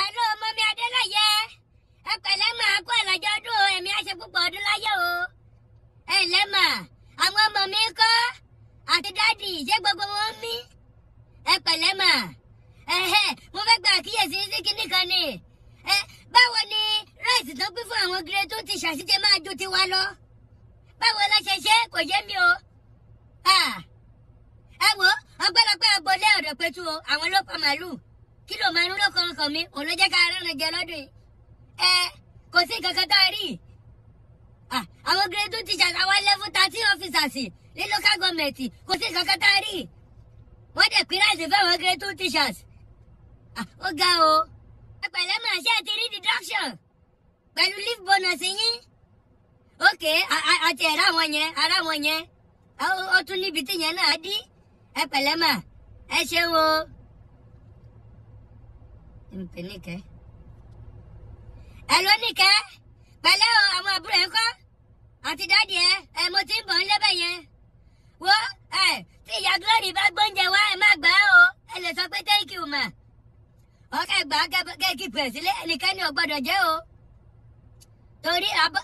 ẹ̀rọ ọmọ mi adélẹ́yẹ ẹ pẹ̀lẹ́ kó ìlàjọ ọdún ẹ̀mí àṣẹ púpọ̀ ọdún láyé o ẹ mà àwọn ọmọ mi kọ́ àti dáàdì ṣé gbogbo wọn mí ẹ pẹ̀lẹ́ mà mo fẹ́ gba àkíyèsí sí kinní kan ni báwo ni ráìsì tó gbé fún àwọn gire tó ti ṣàṣìṣe máa ju tiwa lọ báwo la ṣe ṣe kò yé mi o ẹ wo ọgbẹ́lọpẹ́ agbolé ọ̀dọ̀ pẹ̀tù o àwọn ló pa màálù kílò márùn ló kan ọkàn mi òun ló jẹ́ ká rẹ́rìn jẹ lọ́dún yìí ẹ kò sí nǹkan kan tá a rí àwọn grade two teachers àwọn level thirteen officers ní local government kò sí nǹkan kan tá a rí wọ́n dẹ̀ pín láti fẹ́ àwọn grade two teachers ó ga o pẹ̀lẹ́ mà ṣe ti rí deduction pẹ̀lú leave bonus yín ok àti ẹ̀rọ àwọn yẹn ara àwọn yẹn ó tún níbi tí yẹn náà dí ẹ pẹ̀lẹ́ mà ẹ ṣeun o èmi pè níkẹ́. ẹ̀ló níkẹ́ pẹ̀lẹ́ o àwọn àbúrò ẹ̀ kọ́ àti dáàdì ẹ̀ ẹ̀ mo ti ń bọ̀ ń lẹ́bẹ̀ yẹn wo ẹ̀ tí ìyá glory bá gbóúnjẹ wá ẹ̀ má gbà á o ẹ lè sọ pé thank you ma ọkẹ́ gbà kẹ́kì pẹ̀ sílé ẹnìkan ní ọgbọ́dọ̀ jẹ́ o torí abọ́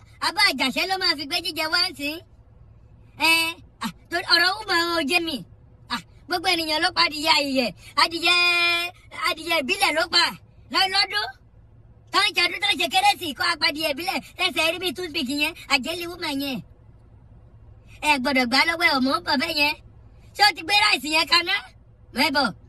àjàṣẹ́ ló máa fi gbé jíjẹ wá sí ẹ ọ̀rọ̀ wù mọ́ ọ jẹ́ mi gbogbo ènìyàn ló pa adìyẹ ayẹyẹ adìyẹ adìyẹ ìbílẹ̀ ló pa lọ́dún tó ń ṣọdún tó ń ṣe kérésì kó apàdìyẹ ìbílẹ̀ tẹ̀sẹ̀ rí bí toothpick yẹn àjẹlí wúmà yẹn ẹ gbọ́dọ̀ gbá lọ́wọ́ ẹ̀ ọ̀mọ́ bọ̀ bẹ́ẹ̀ yẹn ṣé o ti gbé ráìsì yẹn kaná mẹ́bọ̀.